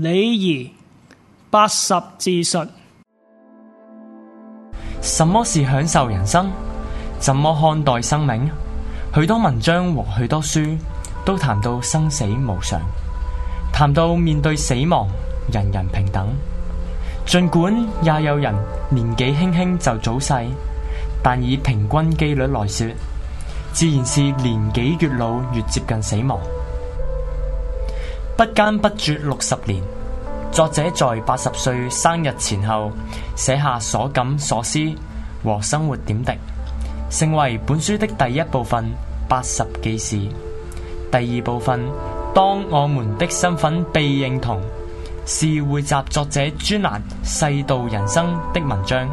禮儀八十字術，什麼是享受人生？怎麼看待生命？許多文章和許多書都談到生死無常，談到面對死亡，人人平等。盡管也有人年紀輕輕就早逝，但以平均機率來說，自然是年紀越老越接近死亡。不間不絕六十年，作者在八十歲生日前後寫下所感所思和生活點滴，成為本書的第一部分《八十記事》。第二部分《當我們的身份被認同》，是匯集作者專欄《世道人生》的文章，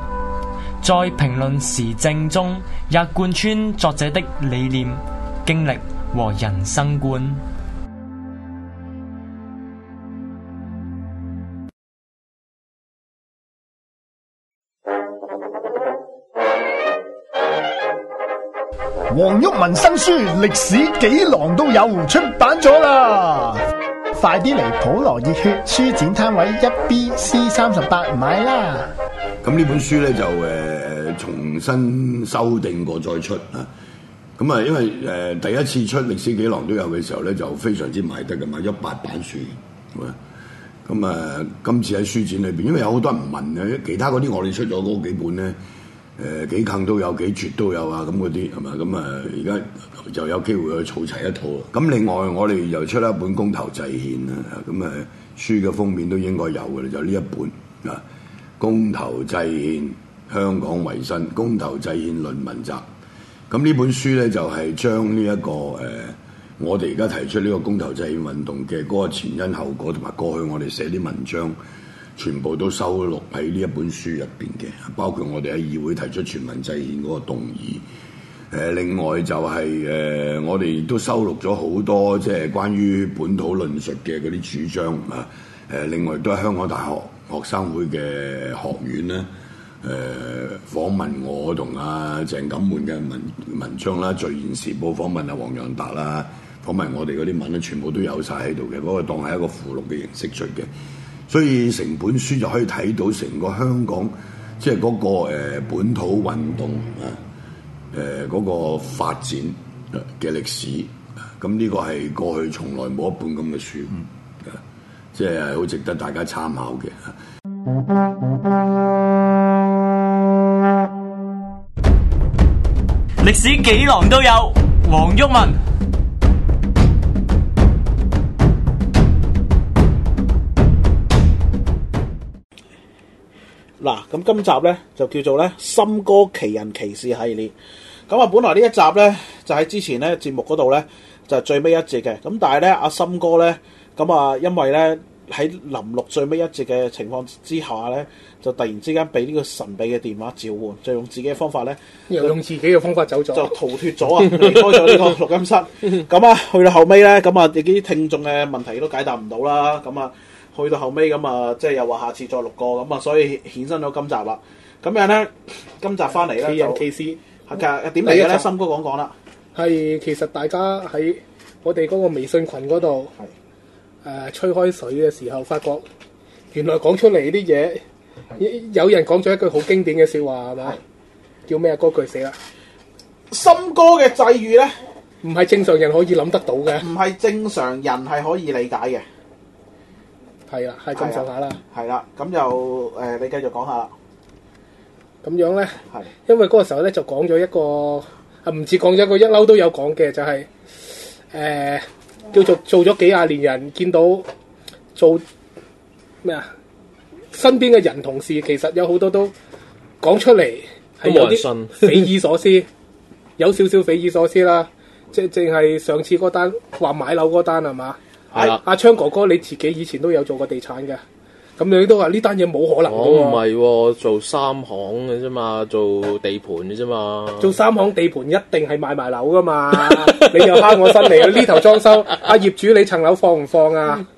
在評論時政中也貫穿作者的理念、經歷和人生觀。黃毓民新書《歷史幾郎》都有出版咗啦， 快啲嚟普羅熱血書展攤位一 B C 三十八買啦！咁呢、嗯、本書咧就誒、呃、重新修訂過再出啊！咁、嗯、啊，因為誒、呃、第一次出《歷史幾郎》都有嘅時候咧，就非常之賣得嘅，賣一八版書。咁、嗯、啊、嗯嗯，今次喺書展裏邊，因為有好多人問嘅，其他嗰啲我哋出咗嗰幾本咧。誒、呃、幾近都有，幾絕都有啊！咁嗰啲係嘛？咁啊，而家、呃、就有機會去儲齊一套啦。咁另外，我哋又出一本《公投制憲》啊。咁啊，書嘅封面都應該有嘅啦，就呢一本啊，《公投制憲》香港維新，《公投制憲論文集》。咁呢本書呢，就係、是、將呢、這、一個誒、呃，我哋而家提出呢個公投制憲運動嘅嗰個前因後果，同埋過去我哋寫啲文章。全部都收錄喺呢一本書入邊嘅，包括我哋喺議會提出全民制憲嗰個動議、呃。另外就係、是、誒、呃，我哋都收錄咗好多即係關於本土論述嘅嗰啲主張啊。誒、呃，另外都係香港大學學生會嘅學院咧。誒、呃，訪問我同阿、啊、鄭錦滿嘅文文章啦，《聚言時報》訪問阿黃洋達啦，訪問我哋嗰啲文咧，全部都有晒喺度嘅。嗰個當係一個附錄嘅形式出嘅。所以成本書就可以睇到成個香港，即係嗰、那個、呃、本土運動啊，誒、呃、嗰、那個發展嘅歷史，咁呢個係過去從來冇一本咁嘅書，即係好值得大家參考嘅。歷史幾郎都有黃毓民。嗱，咁今集咧就叫做咧《森哥奇人異士》系列。咁啊，本來呢一集咧就喺之前咧節目嗰度咧就係最尾一節嘅。咁但係咧阿森哥咧咁啊，因為咧喺臨錄最尾一節嘅情況之下咧，就突然之間俾呢個神秘嘅電話召喚，就用自己嘅方法咧，又用自己嘅方法走咗，就逃脫咗啊，離開咗呢個錄音室。咁啊，去到後尾咧，咁啊，亦啲聽眾嘅問題都解答唔到啦。咁啊。去到後尾咁啊，即係又話下次再錄過咁啊，所以衍生到今集啦。咁樣咧，今集翻嚟啦，K 就 K C。其實點嚟嘅咧，森哥講講啦。係其實大家喺我哋嗰個微信群嗰度，誒、呃、吹開水嘅時候，發覺原來講出嚟啲嘢，有人講咗一句好經典嘅笑話，係咪？是叫咩歌？「嗰句死啦！森哥嘅際遇咧，唔係正常人可以諗得到嘅，唔係正常人係可以理解嘅。係啦，係咁上下啦。係啦，咁就，誒、呃，你繼續講下。咁樣咧，係因為嗰個時候咧，就講咗一個，唔止講咗一個一嬲都有講嘅，就係、是、誒、呃、叫做做咗幾廿年人，見到做咩啊？身邊嘅人同事其實有好多都講出嚟係有啲 匪夷所思，有少，少少匪夷所思啦。即係淨係上次嗰單話買樓嗰單係嘛？阿、啊啊啊、鏘哥哥，你自己以前都有做過地產嘅，咁、啊、你都話呢單嘢冇可能嘅、啊。唔係、哦啊，做三行嘅啫嘛，做地盤嘅啫嘛。做三行地盤一定係賣埋樓噶嘛， 你又蝦我身嚟啊？呢頭裝修，阿、啊、業主你層樓放唔放啊？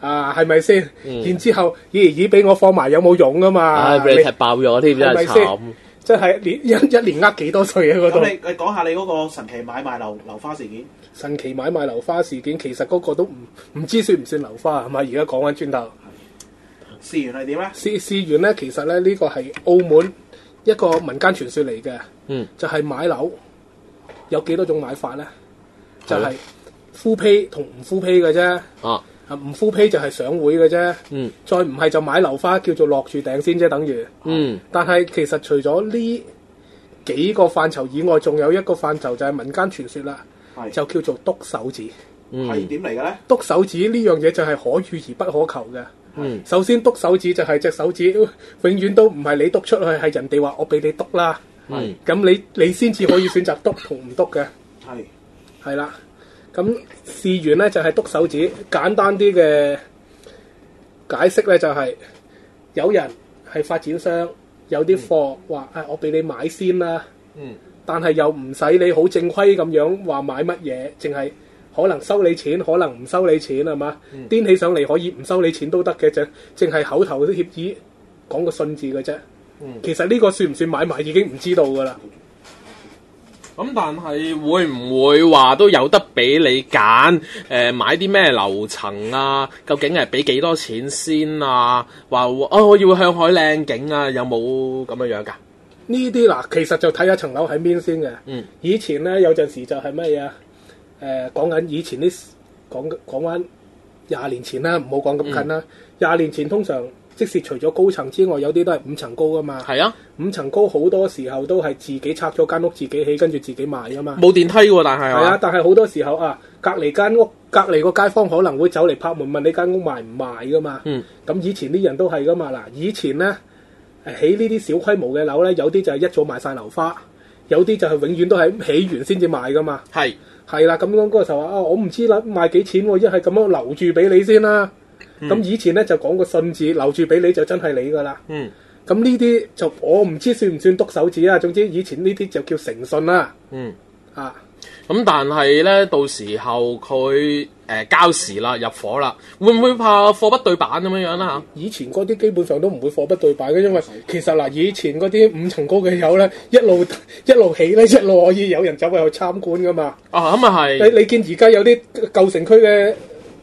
啊，係咪先？嗯、然之後，咦、哎、咦，俾、哎哎、我放埋有冇用噶嘛？俾、啊、你踢爆咗添，真係慘。是 即係連一一年呃幾多碎嘢度？你你講下你嗰個神奇買賣樓樓花事件？神奇買賣樓花事件其實嗰個都唔唔知算唔算樓花啊？係咪？而家講翻轉頭，事緣係點啊？事事緣咧，其實咧呢，呢，實呢、呢個係澳門一個民間傳說嚟嘅。嗯，就係買樓有幾多種買法咧？就係 full pay 同唔 full pay 嘅啫。啊！唔敷皮就係上會嘅啫，嗯、再唔係就買樓花叫做落住頂先啫，等於。嗯。但係其實除咗呢幾個範疇以外，仲有一個範疇就係民間傳說啦，是就叫做篤手指。嗯。係點嚟嘅咧？篤手指呢樣嘢就係可遇而不可求嘅。嗯是。首先篤手指就係隻手指，永遠都唔係你篤出去，係人哋話我俾你篤啦。係是。咁是你你先至可以選擇篤同唔篤嘅。係是。係啦是。咁試完咧就係、是、篤手指，簡單啲嘅解釋咧就係、是、有人係發展商，有啲貨話誒、嗯哎、我俾你買先啦，嗯、但係又唔使你好正規咁樣話買乜嘢，淨係可能收你錢，可能唔收你錢係嘛？癲起、嗯、上嚟可以唔收你錢都得嘅，淨淨係口頭啲協議講個信字嘅啫。嗯、其實呢個算唔算買賣已經唔知道㗎啦。咁但係會唔會話都有得俾你揀？誒、呃，買啲咩樓層啊？究竟係俾幾多錢先啊？話哦，我要向海靚景啊？有冇咁樣樣噶？呢啲嗱，其實就睇下層樓喺邊先嘅。嗯，以前咧有陣時就係咩嘢啊？誒、呃，講緊以前啲，講，講緊廿年前啦，唔好講咁近啦。嗯、廿年前通常。即使除咗高層之外，有啲都係五層高噶嘛。係啊，五層高好多時候都係自己拆咗間屋自己起，跟住自己賣噶嘛。冇電梯喎，但係係啊，但係好多時候啊，隔離間屋隔離個街坊可能會走嚟拍門問你間屋賣唔賣噶嘛。嗯，咁以前啲人都係噶嘛嗱，以前咧起呢啲小規模嘅樓咧，有啲就係一早賣晒樓花，有啲就係永遠都係起完先至賣噶嘛。係係啦，咁樣嗰個時候啊，我唔知啦，賣幾錢我一係咁樣留住俾你先啦。咁、嗯、以前咧就講個信字，留住俾你就真係你噶啦、嗯嗯。嗯，咁、嗯、呢啲就我唔知算唔算篤手指啦。總之以前呢啲就叫誠信啦。嗯啊，咁但係咧到時候佢誒、呃、交時啦入伙啦，會唔會怕貨不對板咁樣樣啦？吓，以前嗰啲基本上都唔會貨不對板嘅，因為其實嗱、呃，以前嗰啲五層高嘅樓咧，一路一路起咧，一路可以有人走過去參觀噶嘛。啊咁啊係。你你見而家有啲舊城區嘅？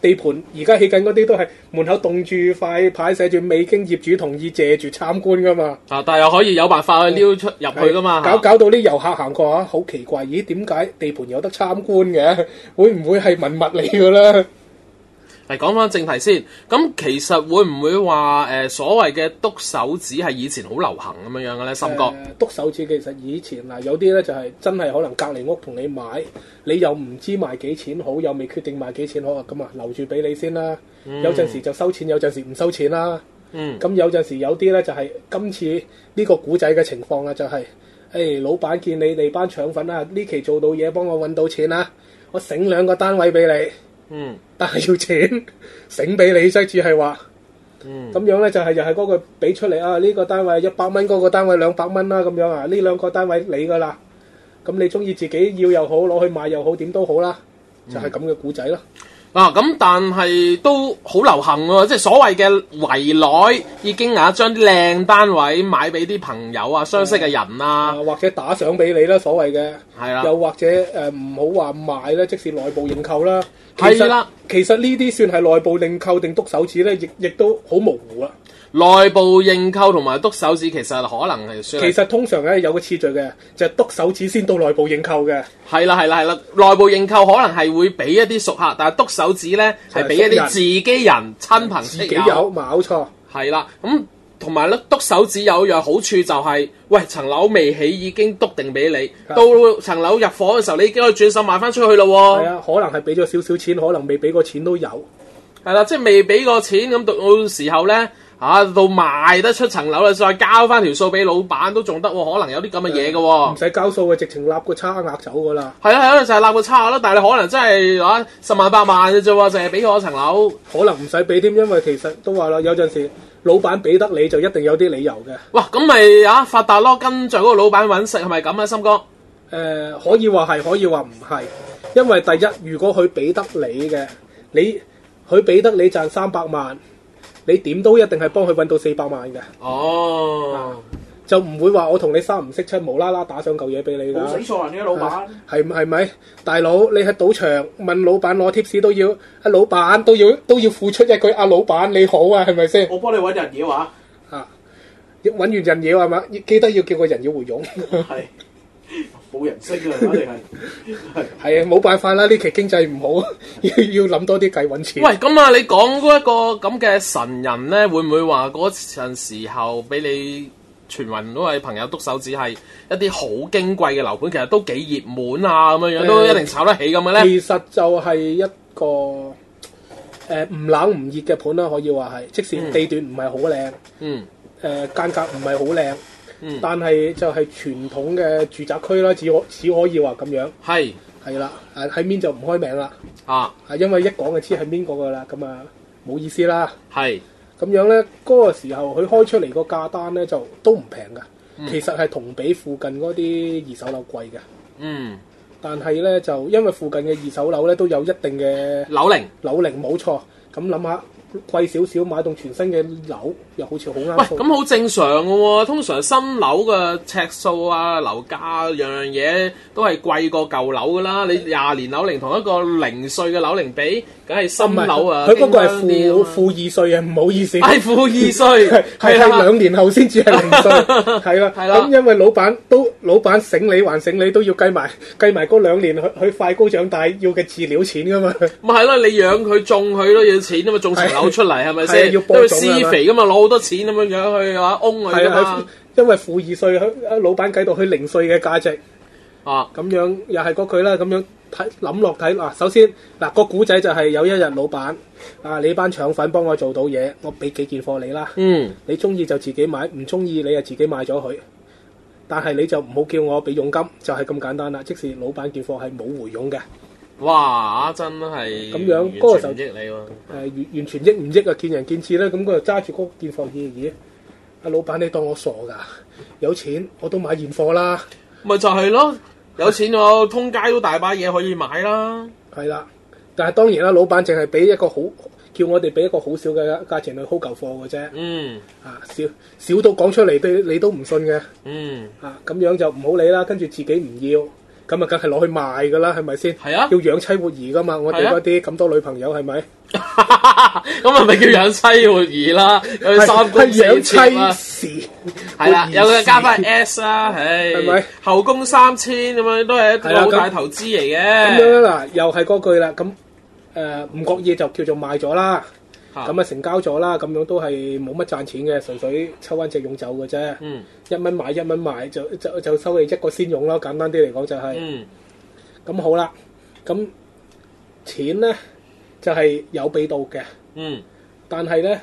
地盤而家起緊嗰啲都係門口棟住塊牌，寫住未經業主同意借住參觀㗎嘛。啊！但係又可以有辦法去撩出入去㗎嘛？嗯、搞搞到啲遊客行過啊，好奇怪！咦？點解地盤有得參觀嘅？會唔會係文物嚟㗎咧？ 講翻正題先，咁其實會唔會話誒、呃、所謂嘅篤手指係以前好流行咁樣樣嘅咧？森哥篤手指其實以前嗱、啊、有啲咧就係、是、真係可能隔離屋同你買，你又唔知賣幾錢好，又未決定賣幾錢好啊咁啊，留住俾你先啦。嗯、有陣時就收錢，有陣時唔收錢啦、啊。咁、嗯、有陣時有啲咧就係、是、今次呢個古仔嘅情況啦、啊，就係、是、誒、欸、老闆見你哋班腸粉啊，呢期做到嘢幫我揾到錢啊，我醒兩個單位俾你。嗯，但係要錢，醒俾你即只係話，嗯，咁樣咧就係又係嗰個俾出嚟啊，呢、呢個單位一百蚊，嗰個單位兩百蚊啦，咁樣啊，呢兩個單位你噶啦，咁你中意自己要又好，攞去賣又好，點都好啦，就係咁嘅故仔咯。嗯啊，咁但係都好流行喎，即係所謂嘅圍內已經啊，將靚單位買俾啲朋友啊、相識嘅人啊，啊，或者打賞俾你啦，所謂嘅，係啦的，又或者誒唔好話買啦，即使內部認購啦，係啦，其實呢啲的算係內部認購定篤手指咧，亦亦都好模糊啊。內部認購同埋篤手指其實可能係，其實通常咧有個次序嘅，就係、是、篤手指先到內部認購嘅。係啦係啦係啦，內部認購可能係會俾一啲熟客，但係篤手指咧係俾一啲自己人親朋。自己有冇友錯？係啦、啊，咁同埋咧篤手指有一樣好處就係、是，喂層樓未起已經篤定俾你，啊、到層樓入伙嘅時候，你已經可以轉手賣翻出去咯、啊。係啊，可能係俾咗少少錢，可能未俾過錢都有。係啦、啊，即係未俾過錢咁到時候咧。啊，到賣得出層樓啦，再交翻條數俾老闆都仲得、哦，可能有啲咁嘅嘢嘅，唔使、呃、交數嘅，直情立個差額走噶啦。係啊係啊，就係、是、立個差額咯。但係你可能真係啊，十萬八萬嘅啫，淨係俾我層樓，可能唔使俾添，因為其實都話啦，有陣時老闆俾得你就一定有啲理由嘅。哇，咁咪啊發達咯，跟着嗰個老闆揾食係咪咁啊，森哥？誒、呃，可以話係，可以話唔係，因為第一，如果佢俾得你嘅，你佢俾得你賺三百萬。你點都一定係幫佢揾到四百萬嘅，哦、oh. 啊，就唔會話我同你三唔識七，無啦啦打上嚿嘢俾你啦。冇死錯啊，啲老闆，係咪、哎？大佬，你喺賭場問老闆攞 tips 都要，阿老闆都要都要付出一句阿、啊、老闆你好啊，係咪先？我幫你揾人妖，啊，揾、啊、完人妖嘛，要記得要叫個人妖回傭。係。 冇人識啦，肯定係係啊，冇辦法啦，呢期經濟唔好，要要諗多啲計搵錢。喂，咁啊，你講嗰一個咁嘅神人咧，會唔會話嗰陣時候俾你傳聞嗰位朋友篤手指係一啲好矜貴嘅樓盤，其實都幾熱門啊，咁樣樣、欸、都一定炒得起咁嘅咧？其實就係一個誒唔、呃、冷唔熱嘅盤啦、啊，可以話係，即使地段唔係好靚，嗯，誒、呃、間隔唔係好靚。但係就係傳統嘅住宅區啦，只可只可以話咁樣。係係啦，喺邊就唔開名啦。啊，係因為一講就知係邊個㗎啦，咁啊冇意思啦。係咁是樣咧，嗰、那個時候佢開出嚟個價單咧就都唔平㗎，嗯、其實係同比附近嗰啲二手樓貴㗎。嗯，但係咧就因為附近嘅二手樓咧都有一定嘅樓齡，樓齡冇錯。咁諗下貴少少買棟全新嘅樓。又好似好啱。喂，咁好正常嘅喎，通常新樓嘅尺數啊、樓價樣樣嘢都係貴過舊樓噶啦。你廿年樓齡同一個零歲嘅樓齡比，梗係新樓啊。佢不過係負負二歲啊，唔好意思。係負二歲，係係兩年後先至係零歲，係啦。咁因為老闆都老闆醒你還醒你，都要計埋計埋嗰兩年佢佢快高長大要嘅飼料錢噶嘛。咪係咯，你養佢種佢都要錢啊嘛，種成樓出嚟係咪先？都要施肥噶嘛，攞。好多錢咁樣樣去話空佢啊嘛、嗯、因為負二稅喺老闆計到佢零稅嘅價值啊，咁樣又係個佢啦，咁樣睇諗落睇嗱，首先嗱、個古仔就係有一日老闆啊，你班腸粉幫我做到嘢，我俾幾件貨你啦，嗯，你中意就自己買，唔中意你就自己買咗佢，但係你就唔好叫我俾佣金，就係、是、咁簡單啦。即使老闆件貨係冇回佣嘅。哇！真係咁樣，嗰、嗰個就益你喎。完完全益唔益啊？見仁見智啦。咁佢就揸住嗰件貨，咦？阿、啊、老闆，你當我傻噶？有錢我都買現貨啦。咪 就係咯，有錢我通街都大把嘢可以買啦、啊。係啦、 啊，但係當然啦，老闆淨係俾一個好叫我哋俾一個好少嘅價錢去收舊貨嘅啫。嗯。啊，少少到講出嚟，對你都唔信嘅。嗯。啊，咁樣就唔好理啦，跟住自己唔要己。咁啊，梗係攞去賣噶啦，係咪先？係啊，要養妻活兒噶嘛，我哋嗰啲咁多女朋友，係咪？咁啊，咪叫養妻活兒啦，要三公四妾啊，係啦、啊，又加翻 S 啦、啊，咪？吧後宮三千咁樣都係一筆好大投資嚟嘅。咁樣嗱，又係嗰句啦，咁誒，唔、呃、覺意就叫做賣咗啦。咁啊，成交咗啦，咁樣都係冇乜賺錢嘅，純粹抽翻隻傭走嘅啫、嗯。一蚊買一蚊賣，就就就收你一個先傭咯。簡單啲嚟講就係、是、咁、嗯、好啦。咁錢咧就係、是、有俾到嘅，嗯、但係咧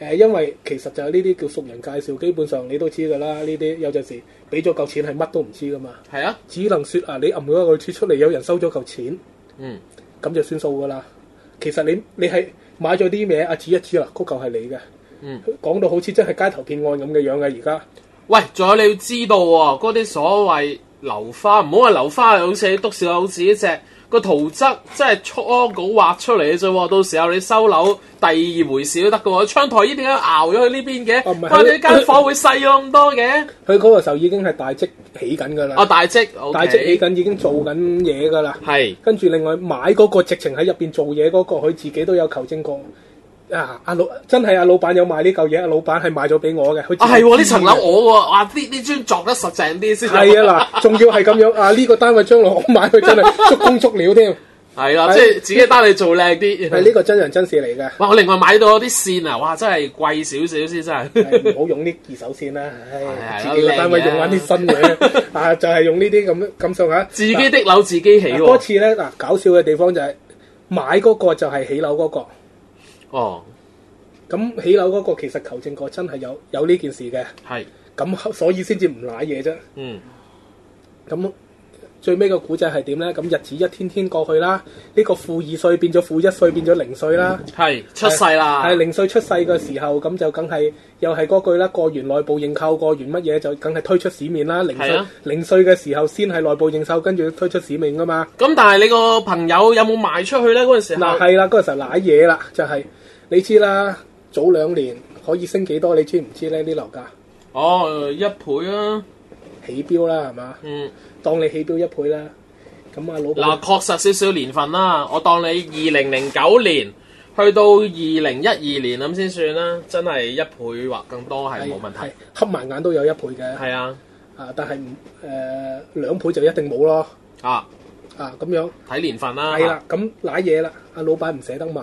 誒，因為其實就係呢啲叫熟人介紹，基本上你都知噶啦。呢啲有陣時俾咗嚿錢係乜都唔知噶嘛，係啊，只能説啊，你撳一個處出嚟，有人收咗嚿錢，嗯，咁就算數噶啦。其實你你係。你買咗啲咩？啊，指一指啦，嗰嚿係你嘅。嗯，講到好似真係街頭見案咁嘅樣嘅而家。喂，仲有你要知道喎、哦，嗰啲所謂流花，唔好話流花，好似篤小老鼠一隻。個圖則即係初、哦、稿畫出嚟嘅啫喎，到時候你收樓第二回事都得㗎喎。窗台呢邊點解拗咗去呢邊嘅？哇！你間房會細咁多嘅？佢嗰個時候已經係大積起緊㗎喇。哦、oh，okay. 大積，大積起緊已經做緊嘢㗎喇。係、嗯。跟住另外買嗰個直情喺入邊做嘢嗰個，佢、那個、自己都有求證過。啊！阿老真係阿、啊、老闆有買呢嚿嘢，啊、老闆係買咗俾我嘅、啊啊啊。啊，係呢層樓我喎，呢呢磚作得實淨啲先。係 啊嗱，仲要係咁樣，啊呢、這個單位將來我買佢真係足工足料添。係 啊，嗯、即係自己單位做靚啲，係 you 呢 know? 個真人真事嚟嘅。哇！我另外買到啲線啊，哇！真係貴少少先真係，唔好用啲二手線啦。係 啊、哎，自己個單位用翻啲新嘅、 啊就是，啊就係用呢啲咁咁上下。自己的樓自己起喎、啊。嗰、啊、次咧嗱，搞笑嘅地方就係、是、買嗰個就係起樓嗰、那個。哦，咁起樓嗰個其實求證過，真係有有呢件事嘅。係，咁所以先至唔瀨嘢啫。嗯，咁最尾個古仔係點呢？咁日子一天天過去啦，呢個負二歲變咗負一歲，變咗零歲啦。係，出世啦。係零歲出世嘅時候，咁就梗係又係嗰句啦。過完內部認購，過完乜嘢就梗係推出市面啦。零歲零歲嘅時候先係內部認購，跟住推出市面噶嘛。咁但係你個朋友有冇賣出去呢？嗰陣時，嗱，係啦，嗰陣時瀨嘢啦，就係。你知啦，早兩年可以升幾多？你知唔知咧？啲樓價哦，一倍啊，起標啦，係嘛？嗯，當你起標一倍啦，咁啊老闆嗱確實少少年份啦，我當你二零零九年去到二零一二年咁先算啦，真係一倍或更多係冇問題，係合埋眼都有一倍嘅，係啊，啊但係唔誒兩倍就一定冇咯，啊啊咁樣睇年份啦，係啦，咁瀨嘢啦，阿老闆唔捨得賣，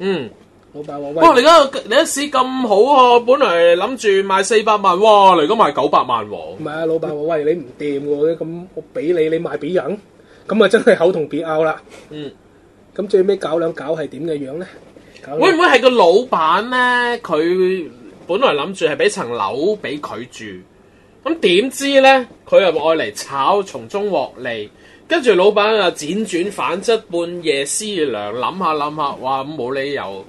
嗯。老闆話、啊，哇！你而家你啲市咁好，本嚟諗住賣四百萬，哦，哇！嚟而家賣九百萬唔係啊，老闆話，喂，你唔掂嘅，咁，我俾你，你賣俾人，咁啊真係口同鼻拗啦。嗯。咁最尾搞兩搞係點嘅樣咧？會唔會係個老闆咧？佢本來諗住係俾層樓俾佢住，咁點知咧？佢又愛嚟炒，從中獲利。跟住老闆啊，輾轉反側，半夜思量，諗下諗下，哇咁冇理由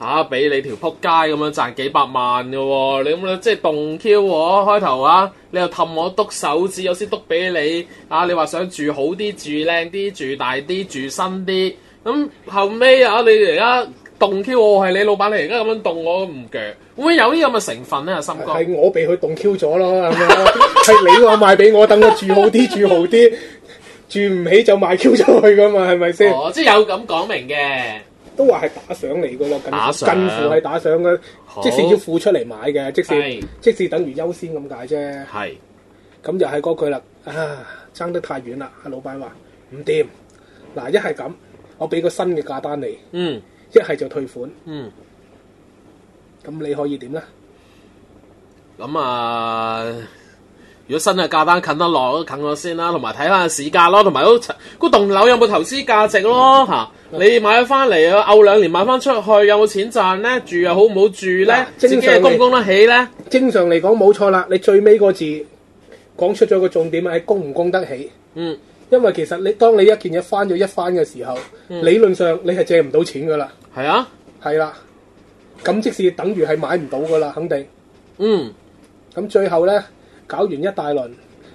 嚇俾、啊、你條撲街咁樣賺幾百萬嘅喎！你咁樣即係動 Q 我開頭啊，你又氹我篤手指，有時篤俾你啊！你話想住好啲、住靚啲、住大啲、住新啲，咁、啊、後尾啊！你而家動 Q 我係你老闆，你而家咁樣動我唔鋸，會唔會有啲咁嘅成分咧？森哥係我俾佢動 Q 咗咯，係 你話賣俾我，等我住好啲、住好啲。住唔起就賣 Q 出去噶嘛，係咪先？哦，即係有咁講明嘅。都話係打賞嚟噶咯，近乎上近乎係打賞嘅，好即使要付出嚟買嘅，即使是即使等於優先咁解啫。係是。咁又係嗰句啦，啊，差得太遠啦！阿老闆話唔掂。嗱，一係咁，我俾個新嘅價單你。嗯。一係就退款。嗯。咁你可以點咧？咁啊。如果新嘅價單近得耐，近咗先啦，啊，同埋睇翻下市價咯，同埋都估棟樓有冇投資價值咯吓。嗯、你買咗翻嚟，漚兩年買翻出去，有冇錢賺咧？住又好唔好住咧？啊、正自己供唔供得起咧？正常嚟講冇錯啦。你最尾個字講出咗個重點係供唔供得起。嗯，因為其實你當你一件嘢翻咗一翻嘅時候，嗯、理論上你係借唔到錢噶、嗯啊、啦。係啊，係啦，咁即使等於係買唔到噶啦，肯定。嗯，咁最後咧。搞完一大輪，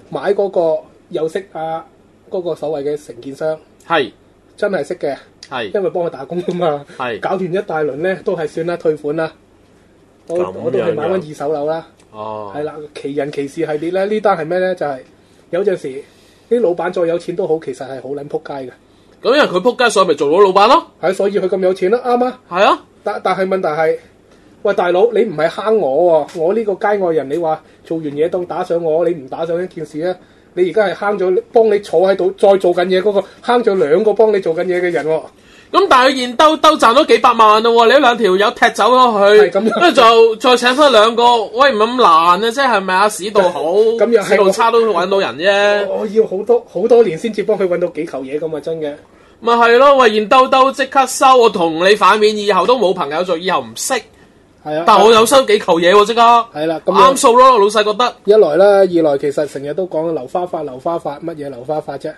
買嗰、那個又識啊，嗰、那個所謂嘅承建商係，是真係識嘅係，是因為幫佢打工㗎嘛，是搞完一大輪咧都係算啦，退款啦，我我都係買翻二手樓啦，哦，係啦，奇人奇事系列咧，呢單係咩咧？就係、是、有陣時啲老闆再有錢都好，其實係好撚扑街嘅。咁因為佢扑街，所以咪做到老闆咯，係，所以佢咁有錢咯，啱啊，係啊，但但係問題係。喂，大佬，你唔係坑我喎。我呢個街外人，你話做完嘢都打賞我，你唔打賞一件事咧。你而家係坑咗幫你坐喺度再做緊嘢嗰個，坑咗兩個幫你做緊嘢嘅人喎、哦。咁、嗯、但係現兜兜賺咗幾百萬啦，你兩條友踢走咗佢，咁就再請翻兩個。喂，唔咁難、即係、係咪啊，即係咪市道好市道差都揾到人啫？我要好多好多年先至幫佢揾到幾球嘢咁啊！真嘅咪係咯，喂，現兜兜即刻收我同你反面，以後都冇朋友做，以後唔識。但我有收幾嚿嘢喎、啊，即係，啱數咯， 老細覺得。一來啦，二來其實成日都講流花發，流花發，乜嘢流花發啫？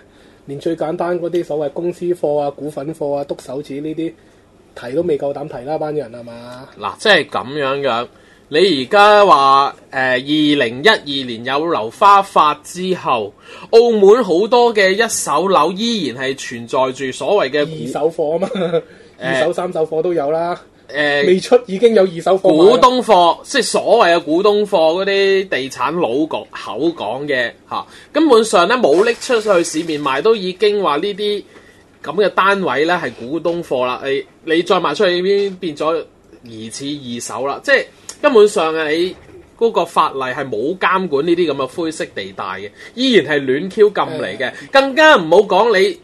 連最簡單嗰啲所謂公司貨啊、股份貨啊、篤手指呢啲提都未夠膽提啦，班人係嘛？嗱， 即係咁樣樣。你而家話誒二零一二年有流花發之後，澳門好多嘅一手樓依然係存在住所謂嘅二手貨啊嘛，嗯、二手、三手貨都有啦。未出已經有二手貨、股東貨，即係所謂嘅股東貨嗰啲地產老局口講嘅嚇，根本上咧冇拎出去市面賣，都已經話呢啲咁嘅單位咧係股東貨啦。你你再賣出去已經變咗疑似二手啦，即係根本上你嗰個法例係冇監管呢啲咁嘅灰色地帶嘅，依然係亂 Q 禁嚟嘅，嗯、更加唔好講你。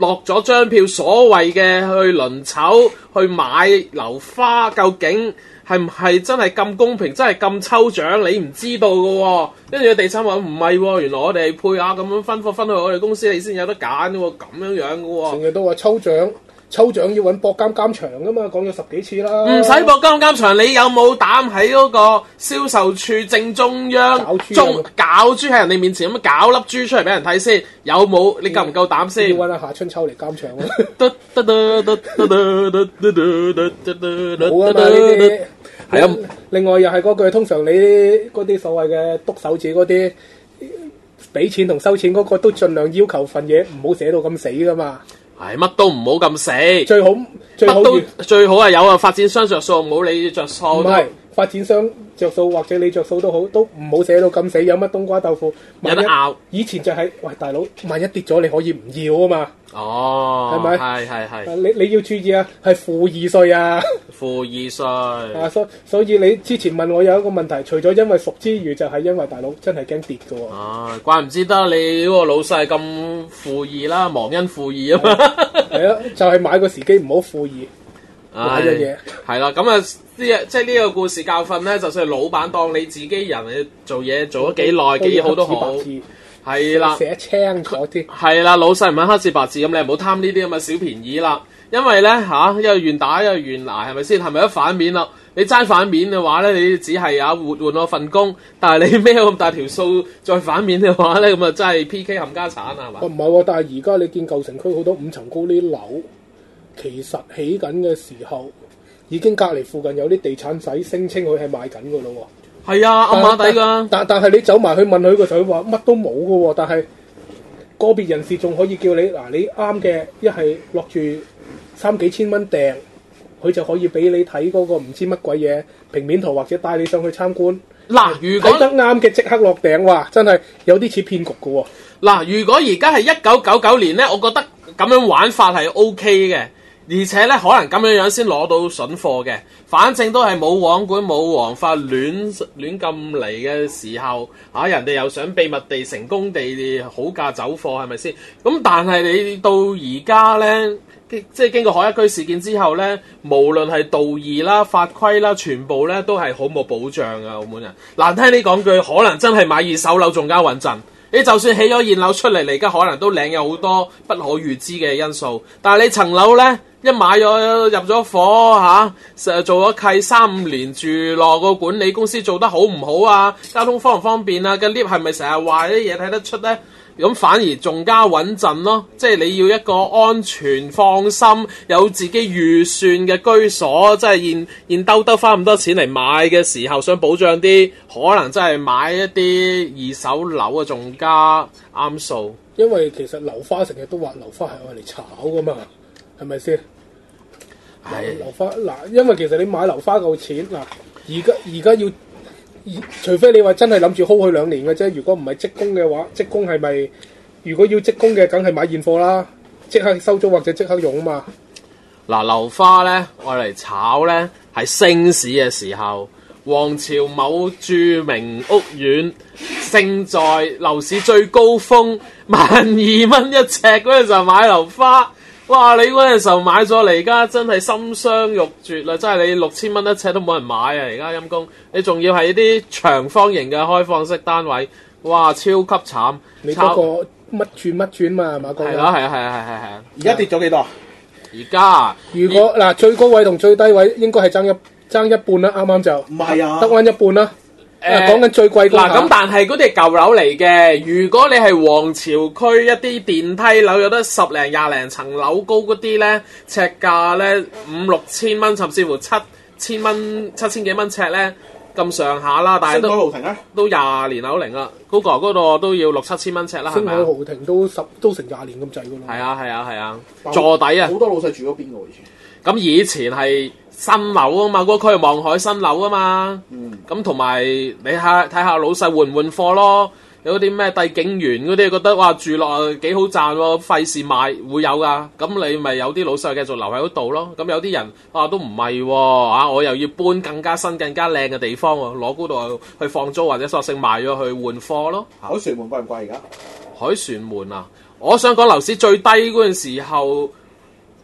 落咗張票，所謂嘅去輪籌去買樓花，究竟係唔係真係咁公平，真係咁抽獎？你唔知道嘅喎、哦，跟住個地產話唔係喎，原來我哋配額咁樣分貨分去我哋公司，你先有得揀嘅喎，咁樣樣嘅喎。成日都話抽獎。抽獎要揾博監監場噶嘛，講咗十幾次啦。唔使博監監場，你有冇膽喺嗰個銷售處正中央捉搞豬喺、啊、人哋面前咁樣搞粒豬出嚟俾人睇先？有冇？你夠唔夠膽先？要揾下夏春秋嚟監場啊！冇啊嘛呢啲，係啊。另外又係嗰句，通常你嗰啲所謂嘅篤手指嗰啲，俾錢同收錢嗰個都盡量要求份嘢唔好寫到咁死噶嘛。係乜都唔好咁死，最好乜都月最好啊，有啊發展商着數，冇你着數都發展商着數，或者你着數都好，都唔好寫到咁死，有乜冬瓜豆腐，有啲拗。以前就係，喂，大佬，萬一跌咗你可以唔要啊嘛？哦，係咪？係係係。你你要注意啊，係負二歲啊，負二歲。啊，所所以你之前問我有一個問題，除咗因為熟之馀，就係因為大佬真係驚跌噶。哦、啊，怪唔知得你個老細咁負二啦，忘恩負義啊嘛。係啊，就係買個時機唔好負二。係，係啦、哎，咁啊、哎，呢即係呢個故事教訓咧。就算老闆當你自己人，你做嘢做咗幾耐、幾好都好，係啦字，的寫清楚啲，係啦，老細唔係黑字白字，咁你唔好貪呢啲咁嘅小便宜啦。因為咧吓，一、啊、個願打一個願挨，係咪先？係咪一反面咯？你爭反面嘅話咧，你只係啊換換咗份工，但係你咩咁大條數再反面嘅話咧，咁啊真係 P K 冚家鏟啊，係嘛？唔係喎，但係而家你見舊城區好多五層高啲樓。其實起緊嘅時候，已經隔離附近有啲地產仔聲稱佢係賣緊嘅咯喎。係啊，阿馬仔㗎。但但係你走埋去問佢個仔話，乜都冇嘅喎。但係個別人士仲可以叫你嗱，啊，你啱嘅一係落住三幾千蚊訂，佢就可以俾你睇嗰個唔知乜鬼嘢平面圖，或者帶你上去參觀。嗱，如果得啱嘅即刻落訂喎，真係有啲似騙局嘅喎。嗱，如果而家係一九九九年咧，我覺得咁樣玩法係 OK 嘅。而且咧，可能咁樣樣先攞到筍貨嘅，反正都係冇王管，冇王法亂亂咁嚟嘅時候，啊，人哋又想秘密地成功地好價走貨係咪先？咁、嗯、但係你到而家咧，即係經過海一居事件之後咧，無論係道義啦、法規啦，全部咧都係好冇保障嘅澳門人。難聽你講句，可能真係買二手樓仲加穩陣。你就算起咗現樓出嚟，你而家可能都領有好多不可預知嘅因素，但係你層樓咧。一買咗入咗伙，嚇、啊，成日做咗契三五年住，住落個管理公司做得好唔好啊？交通方唔方便啊？個 lift 係咪成日壞啲嘢睇得出咧？咁反而仲加穩陣咯，即係你要一個安全放心、有自己預算嘅居所，即係現現兜兜花咁多錢嚟買嘅時候，想保障啲，可能真係買一啲二手樓啊，仲加啱數。因為其實樓花成日都話樓花係我嚟炒㗎嘛。係咪先？樓花嗱，因為其實你買樓花夠錢嗱，而家而家要，除非你話真係諗住 hold 佢兩年嘅啫。如果唔係即供嘅話，即供係咪？如果要即供嘅，梗係買現貨啦，即刻收租或者即刻用啊嘛。嗱，樓花咧，我嚟炒咧，係升市嘅時候，皇朝某著名屋苑，正在樓市最高峰，萬二蚊一尺嗰陣時候買樓花。哇！你嗰陣時候買咗嚟，而家真係心傷欲絕啦！真係你六千蚊一尺都冇人買啊！而家陰公，你仲要係啲長方形嘅開放式單位，哇！超級慘！你嗰個乜轉乜轉嘛係咪？係啦係啊係啊係係係。而家、啊、跌咗幾多？而家、啊、如果嗱、啊、最高位同最低位應該係爭一爭一半啦，啱啱就唔係啊，得翻、啊、一半啦、啊。誒，講緊最貴嗰啲、呃，咁但係嗰啲舊樓嚟嘅，如果你係皇朝區一啲電梯樓，有得十零廿零層樓高嗰啲呢，尺價呢五六千蚊，甚至乎七千蚊、七千幾蚊尺呢。咁上下啦，但係都都廿年樓齡啦，嗰、嗰個嗰度、嗰個、都要六七千蚊尺啦，係咪啊？新海豪庭都十都成廿年咁滯噶啦，係啊係啊係啊，啊啊啊但坐底啊！好多老細住咗邊個喎，以前咁以前係新樓啊嘛，嗰、嗰個區望海新樓啊嘛，嗯，咁同埋你睇睇下老細換唔換貨咯。有啲咩帝景園嗰啲，覺得哇住落幾好賺喎，哦，費事買會有噶，咁你咪有啲老細繼續留喺度咯。咁有啲人啊都唔係、哦、啊，我又要搬更加新、更加靚嘅地方啊，攞嗰度去放租或者索性賣咗去換貨咯。凱旋門貴唔貴而家？凱旋門啊，我想講樓市最低嗰陣時候，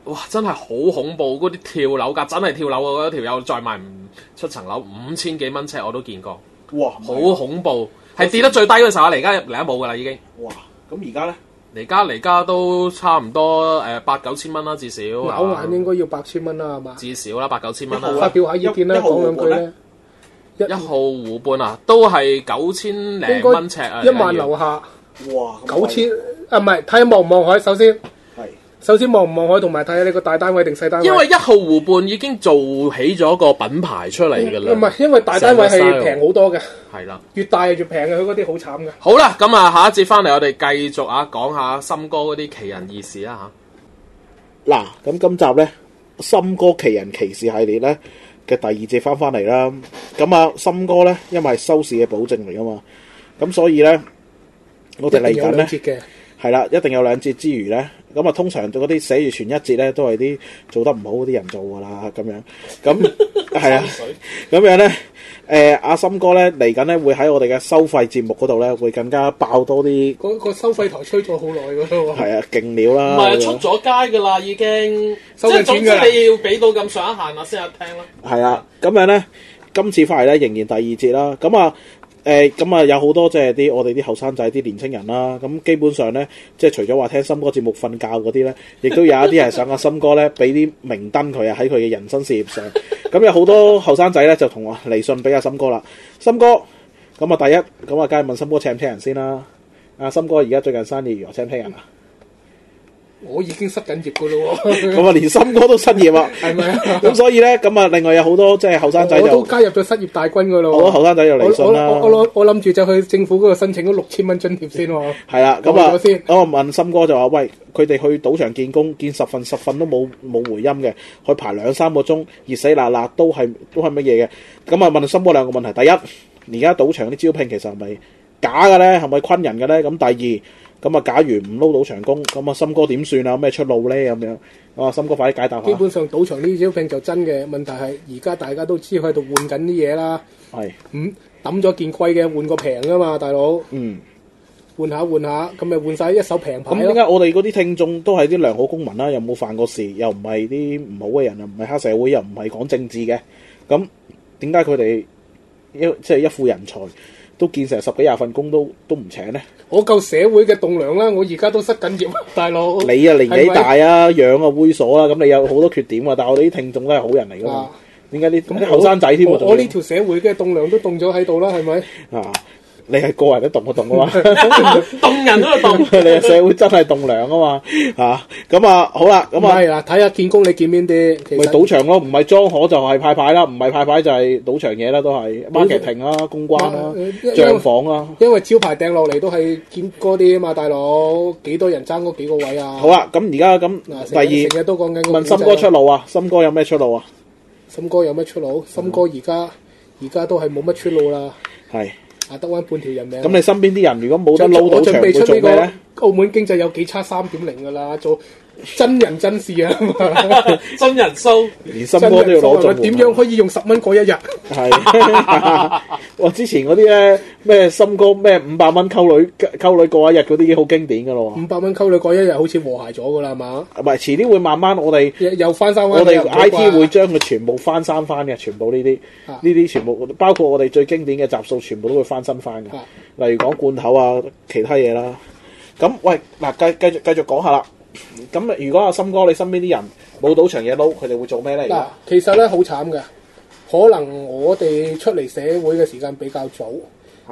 哇真係好恐怖，嗰啲跳樓價真係跳樓啊！嗰條友再賣唔出層樓五千幾蚊尺，5, 我都見過，哇好、啊、恐怖。係跌得最低嘅時候嚟，而家入嚟一冇噶啦已經。哇！咁而家咧？嚟家嚟家都差唔多誒八九千蚊啦，至少。樓眼應該要八千蚊啦，係嘛？至少啦，八九千蚊啦。發表一下意見啦，講兩句咧。呢一，一號湖畔啊，都係九千零蚊尺啊，一萬樓下。哇！九千啊，唔係睇望唔望海，首先。首先望唔望海，同埋睇下你個大單位定細單位。因為一號湖畔已經做起咗個品牌出嚟噶啦。唔係，因為大單位係平好多嘅。係啦的。越大越平嘅，佢嗰啲好慘嘅。好啦，咁啊，下一節翻嚟，我哋繼續啊，講下森哥嗰啲奇人異事啦吓。嗱，啊，咁今集咧，森哥奇人奇事系列咧嘅第二節翻翻嚟啦。咁啊，森哥咧，因為收視嘅保證嚟噶嘛，咁所以咧，我哋嚟緊咧節嘅係啦，一定有兩節之餘咧。咁啊，通常做嗰啲寫住全一節咧，都係啲做得唔好嗰啲人做㗎啦。咁樣咁係啊，咁樣咧誒，阿森哥咧，嚟緊咧會喺我哋嘅收費節目嗰度咧，會更加爆多啲。嗰個收費台吹咗好耐㗎喎，係啊，勁料啦，唔係出咗街㗎啦，已經即係總之你要俾到咁上下限啊先有聽啦。係啊，咁樣咧，今次返嚟咧，仍然第二節啦。咁啊～誒咁啊，哎、有好多即係啲我哋啲後生仔、啲年青人啦。咁基本上咧，即係除咗話聽森哥節目瞓覺嗰啲咧，亦都有一啲係想阿森哥咧，俾啲明燈佢啊，喺佢嘅人生事業上。咁有好多後生仔咧，就同我嚟信俾阿森哥啦。森哥，咁啊第一，咁啊梗係問森哥請唔請人先啦、啊。阿森哥而家最近生意如何？請唔請人啊？我已經失緊業嘅咯喎，咁啊連森哥都失業啊，係咪啊？咁所以咧，咁啊另外有好多即係後生仔就加入咗失業大軍嘅咯，後生仔又嚟信啦。我我我諗住就去政府嗰度申請嗰六千蚊津貼先喎。係啦，咁啊咁啊問森哥就話：喂，佢哋去賭場見工，見十份十份都冇冇回音嘅，去排兩三個鐘，熱死辣辣都係都係乜嘢嘅？咁啊問森哥兩個問題：第一，而家賭場啲招聘其實係咪假嘅咧？係咪昆人嘅咧？咁第二？咁啊！假如唔撈到賭場工，咁啊，森哥點算啊？咩出路咧？咁樣啊，森哥快啲解答下。基本上賭場呢招聘就真嘅，問題係而家大家都知佢喺度換緊啲嘢啦。係是。嗯，揼咗件貴嘅換個平噶嘛，大佬。嗯。換下換下，咁咪換晒一,一手平牌。咁點解我哋嗰啲聽眾都係啲良好公民啦、啊？又冇犯過事，又唔係啲唔好嘅人，又唔係黑社會，又唔係講政治嘅。咁點解佢哋即係一副、就是、人才？都見成十幾廿份工都都唔請咧，我夠社會嘅棟樑啦！我而家都在失緊業，大佬你啊是是年紀大啊，樣啊猥瑣啦、啊，咁你有好多缺點啊！但係我哋啲聽眾都係好人嚟噶嘛，點解、啊、你咁？我你後生仔添？我呢條要社會嘅棟樑都凍咗喺度啦，係咪啊？你係個人都棟啊棟啊嘛，棟人啊棟，你嘅社會真係棟梁啊嘛。嚇咁啊好啦，咁啊，嗱睇下見工你見邊啲？咪賭場咯，唔係莊荷就係派牌啦，唔係派牌就係賭場嘢啦，都係 marketing 啦、公關啦、帳房啦。因為招牌掟落嚟都係見嗰啲啊嘛，大佬幾多人爭嗰幾個位啊？好啦，咁而家咁第二都講緊問森哥出路啊？森哥有咩出路啊？森哥有咩出路？森哥而家而家都係冇乜出路啦。係。阿得返半條人命，咁你身邊啲人如果冇得撈到場，準備出呢個，做咩咧？澳門經濟有幾差，三點零㗎啦，做。真人真事啊！真人 show，連森哥都要攞咗門。點樣可以用十蚊過一日？係，我之前嗰啲咧，咩森哥咩五百蚊溝女溝女過一日嗰啲已經好經典噶啦。五百蚊溝女過一日好似和諧咗噶啦，係嘛？唔係，遲啲會慢慢我哋又翻新。我哋 I T 會將佢全部翻新翻嘅，全部呢啲呢啲全部包括我哋最經典嘅集數，全部都會翻新翻嘅。例如講罐頭啊，其他嘢啦。咁喂，嗱，繼繼續繼續講下啦。咁如果阿森哥你身邊啲人冇賭場嘢撈，佢哋、嗯、會做咩咧？嗱，其實咧好慘嘅，可能我哋出嚟社會嘅時間比較早，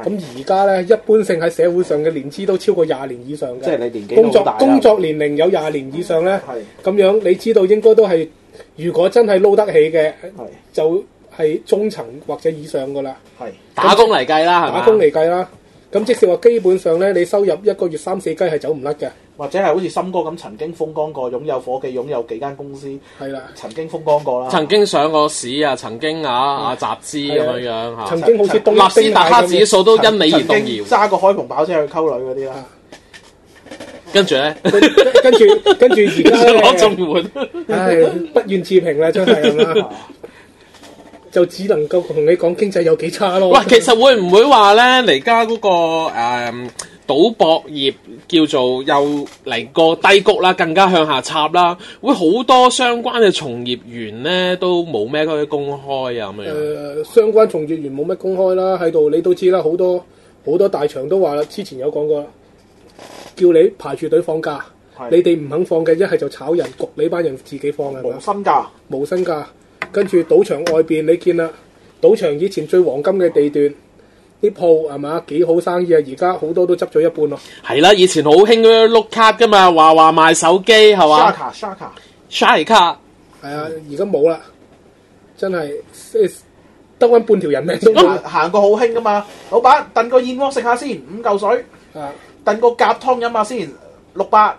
咁而家咧一般性喺社會上嘅年資都超過廿年以上嘅。即係你年紀好大啦。工作工作年齡有廿年以上咧，咁是的 樣你知道應該都係，如果真係撈得起嘅，是的 就係中層或者以上噶啦。係是的 就打工嚟計啦，的打工嚟計啦，咁即使話基本上咧，你收入一個月三四雞係走唔甩嘅。或者係好似森哥咁，曾經風光過，擁有伙計，擁有幾間公司，係啦的，曾經風光過啦，曾經上過市啊，曾經啊的啊集資咁樣樣吓，曾經好似納斯達克指數都因你而動搖，揸個開篷跑車去溝女嗰啲啦，跟住咧，跟住跟住而家咧，唉、 哎，不怨置平啦，真係咁啦， 就只能夠同你講經濟有幾差咯。哇，其實會唔會話咧？嚟家嗰個誒。嗯賭博業叫做又嚟個低谷啦，更加向下插啦，會好多相關嘅從業員咧都冇咩可以公開啊咁樣。誒、呃，相關從業員冇乜公開啦，喺度你都知啦，好多好多大場都話啦，之前有講過，叫你排住隊放假，的你哋唔肯放嘅，一係就炒人，焗你班人自己放嘅，冇薪噶，冇薪噶。跟住賭場外邊你見啦，賭場以前最黃金嘅地段。啲鋪係咪幾好生意啊！而家好多都執咗一半咯。係啦、啊，以前好興碌卡㗎嘛，話話賣手機係嘛？沙卡沙卡沙利卡係啊！而家冇啦，真係得翻半條人命都、啊、行過好興㗎嘛！老闆燉個燕窩食下先，五嚿水。啊！燉個鴿湯飲下先，六百。